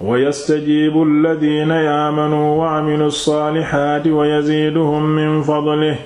wa yastajiibu alladiina yaamanuu wa amilu ssaalihaati wa yaziiduhum min fadlihi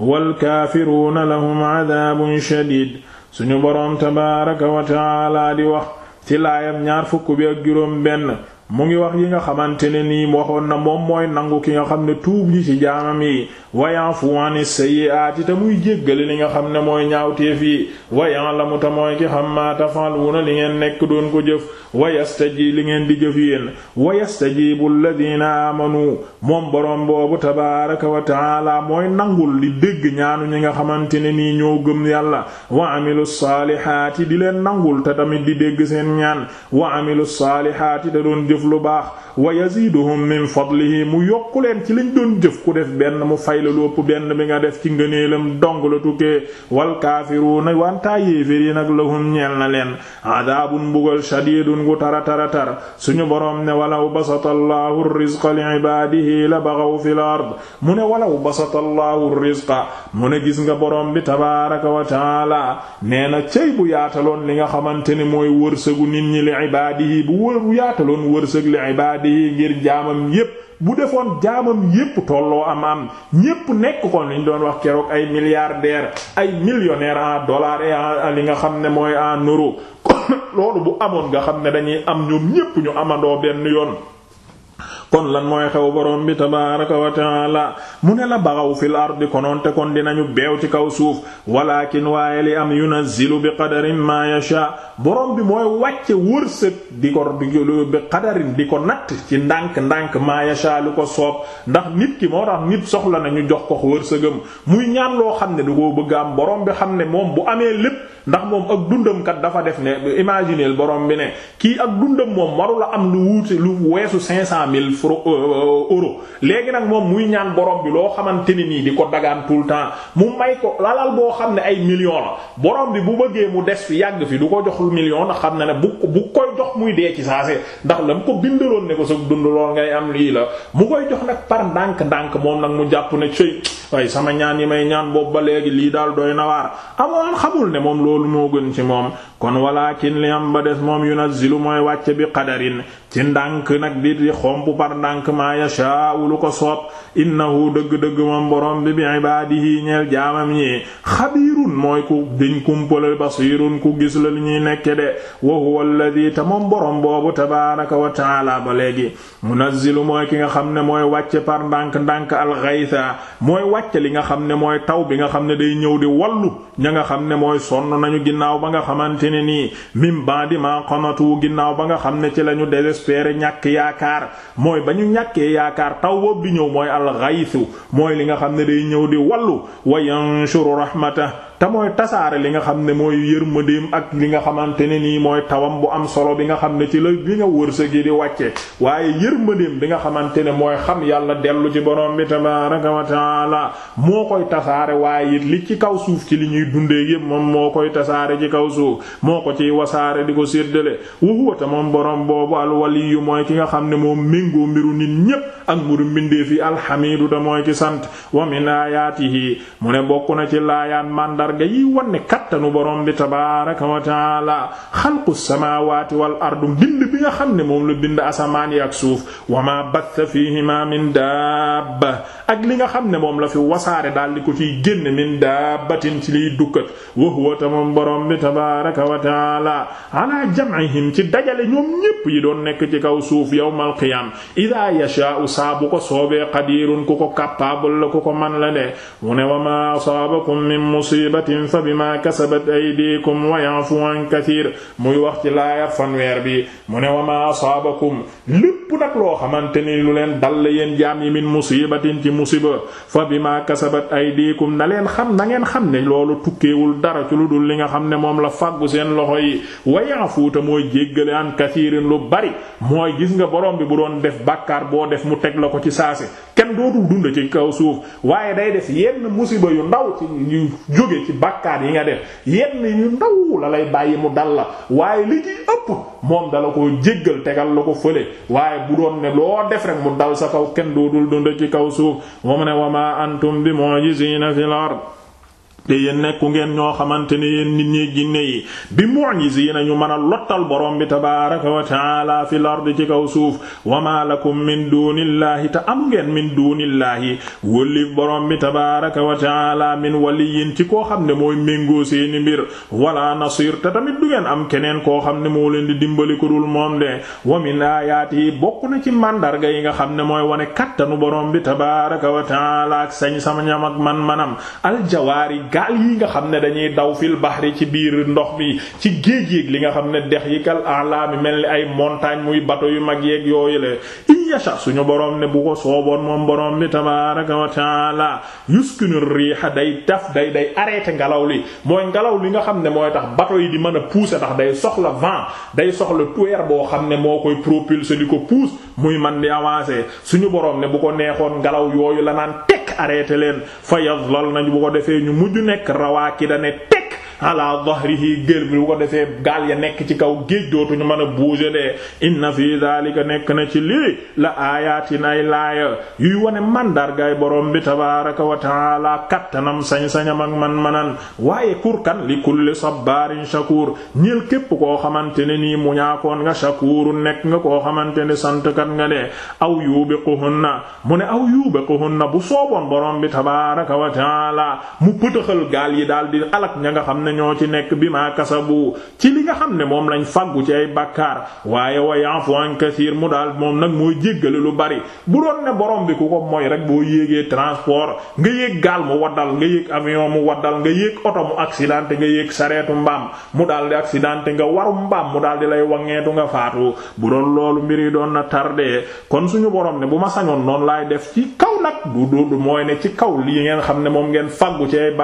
walkaafiruuna lahum cadaabun shadiid suñu boroom tabaaraka wa tacaala di wax ci laayam ñaar fukk bi ak juróom benn mu ngi wax yi nga xamante ne nii waxoon na moom mooy nangu ki nga xam ne tuub ji ci jaamam yi wayanfu ani sayyi'aati te muy jéggale li nga xam ne mooy ñaawteef yi waya'lamu te mooy ki xam maa taf'aluuna li ngeen nekk doon ko jëf wayastaji li ngeen di jëf yéen wayastajibu alladhiina aamanu moom boroom boobu tabaaraka wa ta'aala mooy nangul li dégg ñaanu ñi nga xamante ne nii ñoo gëm yàlla wa amilu saalihaati di leen nangul te tamit di dégg seen ñaan jëf lu baax wa yaziduhum min fadlihi mu yokku leen ci liñ doon jëf ku def benn mu fay la lu ëpp benn bi nga def ci ngëneelam dong la tukkee wal kaafiruuna wantaa yéefér yi nag lahum ñeel na leen adaabun mbugal shadiidun gu tara tara tar suñu boroom ne walaw basata allahu rizqa li ibaadihi la baghaw fil ard mu ne walaw basata allahu rizqa mu ne gis nga boroom bi tabaaraka wa taala nee na cey bu yaataloon li nga xamante ne mooy wërsëgu nit ñi li ibaadihi bu wër wërsëg li ibaadihi ngir jaamam yépp bu defoon jaamam yépp tolloo am am ñépp nekk kon liñ doon wax keroog ay milliardaire ay millionnaire en dollars et en li nga xam ne mooy en euro kon loolu bu amoon nga xam ne dañuy am ñoom ñépp ñu amandoo benn yoon kon lan mooy xew borom bi tabaaraka wa taala mu ne la baxaw fil ardi te kon dinañu beew ci kaw suuf walakin waaye li am yunazzilu bi qadarin ma yasha borom bi mooy wàcce wërsëg di ko bi qadarin di ko natt ci ndànk-ndànk ma lu ko soob ndax nit ki moo tax nit soxla nañu jox ko wërsëgam muy ñaan loo xam ne du ko bëgg am borom bi xam ne moom bu amee lépp ndax moom ak dundam kat dafa def ne imagineel borom bi ne kii ak dundam moom warula am lu wuute lu weesu cinq cent mille francs euh, euh, euros léegi nag moom muy ñaan borom bi loo xamante ni nii di ko dagaan tout temps mu may ko lalal boo xam ne ay millions la borom bi bu bëggee mu des fi yàgg fi du ko jox million ndax xam na ne bu bu koy jox muy dee ci saase ndax la mu ko bindaloon ne ko sa dund lool ngay am lii la mu koy jox nag par ndànk-ndànk moom nag mu jàpp ne cëy waaye sama ñaan yi may ñaan boobu ba léegi lii daal doy na waar amoon xamul ne moom loolu moo gën ci moom kon walaakin li am ba des moom yunazzilu mooy wàcce bi qadarin ci ndànk nag di di xomp par ndànk maa yashaa'u ko soob innahu dëgg-dëgg moom borom bi bi ibaadihi ñeel jaamam ñi xabiirun mooy ku diñ kumpala basiirun ku gis la li ñuy nekke de wa huwa alladhi te moom borom boobu tabaaraka wa ta'aala ba léegi mu munazzilu mooy ki nga xam ne mooy wàcce par ndànk ndànk al wàcce li nga xam ne mooy taw bi nga xam ne day ñëw di wallu ña nga xam ne mooy sonn nañu ginnaaw ba nga xamante ne nii mim di ma qanatu ginnaaw ba nga xam ne ci la ñu désespéré ñàkk yaakaar mooy ba ñu ñàkkee yaakaar taw boobu ñëw mooy alxaytu mooy li nga xam ne day ñëw di wallu wa yanshuru rahmata te mooy tasaare li nga xam ne mooy yërmandeem ak li nga xamante ne nii mooy tawam bu am solo bi nga xam ne ci la li nga wërsëg yi di wàcce waaye yërmandeem bi nga xamante ne mooy xam yàlla dellu ci borom bi tabaaraka wa taala moo koy tasaare waaye it li ci kaw suuf ci li ñuy dundee yépp moom moo koy tasaare ci kaw suuf moo ko ciy wasaare di ko séddale wuhuwa te moom borom boobu alwaliyu mooy ki nga xam ne moom méngoo mbiru nit ñépp ak mbiru mbindeef fi alxamidu sant màndarga yiy wan ne kattanu borom bi tabaaraka wa taala xalqu samaawaati wal ardu mbind bi nga xam ne moom la bind asamaan yi ak suuf wa ma batta fiihima min daabba ak li nga xam ne moom la fi wasaare daal di ko ciy génn min daabatin ci li dukkat wa huwa tamam borom bi tabaraka wa taala ala jam'ihim ci dajale ñoom ñépp yi doon nekk ci kaw suuf yawmal qiyam ida yashaa'u bu ko soobee qadirun ku ko capable la ku ko man la de mu ne wa ma asaabakum min musibatin fa bima kasabat aydikum wa ya'fu an kathir muy wax ci laaya fanweer bi mu ne wa asaabakum lépp nag loo xamante ni lu leen dal yéen jaam yi min musibatin ci musiba fa bima kasabat aydikum na leen xam na ngeen xam ne loolu tukkewul dara ci lu dul li nga xam ne moom la fàggu seen loxo yi wayafuuta mooy jéggale an kathirin lu bari mooy gis nga borom bi bu doon def bàkkaar boo def mu teg la ko ci saase kenn dootul dund ci kaw suuf waaye day def yenn musiba yu ndaw ci yu jóge ci bàkkaar yi nga def yenn yu ndaw la lay bàyyi mu dal la waaye li ci ëpp moom dala ko jéggal tegal la ko fële waaye bu doon ne loo def rek mu dal sa kaw kenn dootul dund ci kaw suuf moom ne wa ma antum bi mu'jizina fil ard te yéen nekku ngeen ñoo xamante ne yéen nit ñi jinne yi mu'jiziina ñu mën a lottal borom bi tabaaraka wa ta'aala fil ardi ci kaw suuf wa maa lakum min duunillaahi te amu ngeen min duunillaahi wëllif borom bi tabaaraka wa ta'aala min waliyyin ci koo xam ne mooy méngoo seeni mbir wala nasiir te ta du ngeen am kenen koo xam ne moo leen di dimbali ku dul moom de wa min aayaati bokk ci màndarga yi nga xam ne mooy wane kattanu borom bi tabaaraka wa ta'aala ak sañ sama ñam ak man manam aljawaari gaal yi nga xam ne dañuy daw ci géej yéeg li nga xam ne dex yi kal alaami mel ni ay montagne muy bato yu mag yeeg yooyu le yasha suñu boroom ne bu ko sooboon moom boroom bi tabaaraka wa taala yuskinu riixa day taf day day arrêté ngelaw li mooy ngelaw li nga xam ne mooy tax bato yi di mën a pousser ndax day soxla vent day soxla tuer boo xam ne moo koy propulser di ko pousse muy man di avancé suñu boroom ne bu ko neexoon ngelaw yooyu la naan tekk arrêté leen fa yazlal nañu bu ko defee ñu mujj nekk rawaaki da ne tekk ala dhahrihi gél bi bu ko defee gaal ya nekk ci kaw géej dootuñu mën a bouger de inna fi dhalika nekk na ci lii la ayatin ay laaya yuy wone mandargaay borom bi tabaraka wa taala kattanam sañ-sañam ak man-manan waaye pour kan li kulli sabarin shakur ñeel képp koo xamante ne nii mu ñaakoon nga shakur nekk nga koo xamante ne santkat nga de aw yubiquhunna mu ne aw yubiquhunna bu sooboon borom bi tabaraka wa taala mu pëtëxal gaal yi daal di alak ne ñoo ci nekk bi maa kasabu ci li nga xam ne moom lañ faggu ci ay bàkkaar waaye wa ya'fu an kaseer mu daal moom nag mooy jéggale lu bari bu doon ne borom bi ku ko mooy rek boo yéegee transport nga yéeg gaal mu waddal nga yéeg avion mu waddal nga yéeg oto mu accidenté nga yéeg sareetu mbaam mu daal di accidenté nga waru mbaam mu daal di lay wangeetu nga faatu bu doon loolu mbir yi doon na tardé kon suñu borom ne bu ma sañoon noonu laay def ci kaw nag du du ci kaw lii xam ne moom ngeen faggu ci ay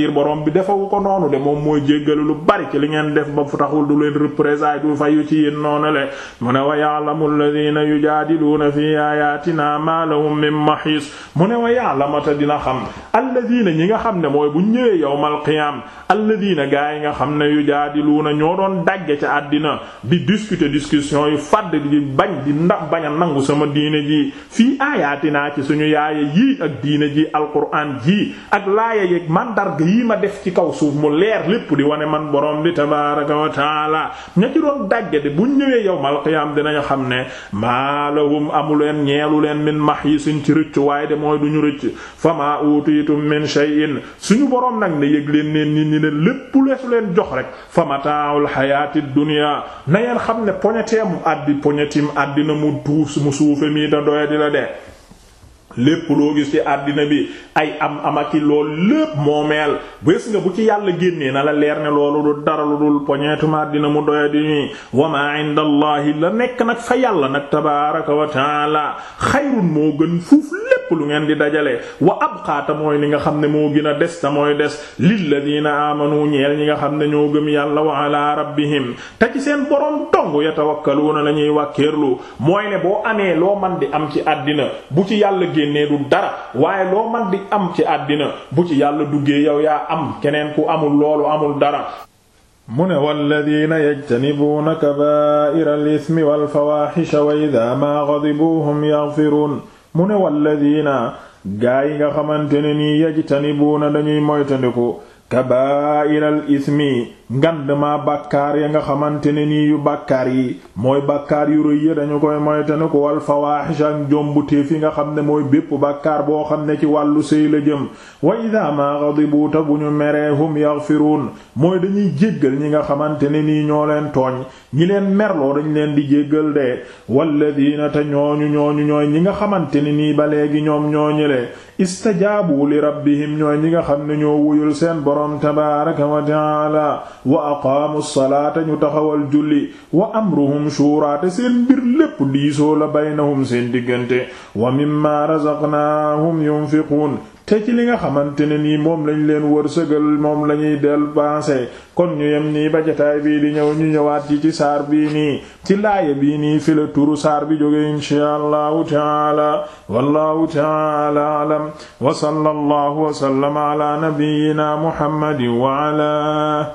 Kathir borom bi defawu ko noonu de moom mooy jéggale lu bari ci li ngeen def ba fu taxul du leen représailles du fayu ci yéen noonu le mu ne wa ya'lamu alladhina yujadiluuna fi ayatina ma lahum min mahis mu ne wa ya'lamata dina xam alladhina ñi nga xam ne mooy bu ñëwee yawmal qiyam alladhina gaa yi nga xam ne yu yujadiluuna ñoo doon dagge ca àddina di discuter discussion yu fàdd di bañ di ndax bañ a nangu sama diine ji fii ayatina ci suñu yaaye yii ak diine ji alquran yii ma def ci kaw suuf mu leer lépp di wane man boroom bi tabaaraka wa taala ña ci doon dàgge de bu ñëwee yawmal qiyaam dinañu xam ne maalahum amuleen ñeelu leen min mahyisin ci rëcc waaye de mooy duñu rëcc famaa utiitum min shay'in suñu borom nag ne yëg leen neen nit ñi ne lépp leesu leen jox rek fa mataa'ul xayaati dunya na ngeen xam ne poñeteemu àddi poñetim àddina mu duus mu suufe mii da doya di la de lépp loo gis ci àddina bi ay am amaki loolu lépp moomeel bés nga bu ci yàlla génnee na la leer ne loolu du dara lu dul poñeetum àddina mu doya di ñuy wa ma inda la nekk nag fa yàlla nag tabaaraka wa taala xayrun moo gën fuuf lépp lépp lu ngeen di dajalee wa abqaata mooy li nga xam ne moo gin a des ta mooy des lilladiina amanu ñeel ñi nga xam ne ñoo gëm yàlla wa ala rabbihim te ci seen boroom dong yatawakkaluuna la ñuy wàkkeerlu mooy ne boo amee loo man di am ci àddina bu ci yàlla génnee du dara waaye loo man di am ci àddina bu ci yàlla duggee yow yaa am keneen ku amul loolu amul dara mu ne walladina yajtanibuuna kabaa'ira al-ithmi wal fawaahisha wa idhaa maa ghadibuu hum yaghfiruun mu ne walladina gaa yi nga xamante ne nii yajtanibuuna dañuy moytandiku kabaa'iral ismi ngandmaa bàkkaar ya nga xamante ne nii yu bàkkaar yi mooy bàkkaar yu rëy ya dañu koy moytanu ko wal fawaaxis ak jombuteef yi nga xam ne mooy bépp bàkkaar boo xam ne ci wàllu sëy la jëm wa idaa maa ghadibu ta bu ñu meree hum yaghfiruun mooy dañuy jéggal ñi nga xamante ne nii ñoo leen tooñ ñi leen merloo dañ leen di jéggal de walladiina te ñooñu ñooñu ñooy ñi nga xamante ne nii ba léegi ñoom ñooñu le istajaabu li rabbihim ñooy ñi nga xam ne ñoo wuyul seen boroom tabaaraka wa wa aqaamu salaata ñu taxawal julli wa amruhum shuuraa te seen mbir lépp diisoo la baynahum seen diggante wa mimma razaqnaahum yunfiquun te ci li nga xamante ne nii moom lañ leen wërsëgal moom la ñuy del pensé kon ñu yem nii ba jotaay bii di ñëw ñu ñëwaat ci ci saar bii nii ci laaya bii nii fi la turu saar bi jóge inshaa allahu taala wallahu taala alam wa sallallahu wa sallama ala nabiyyina wa ala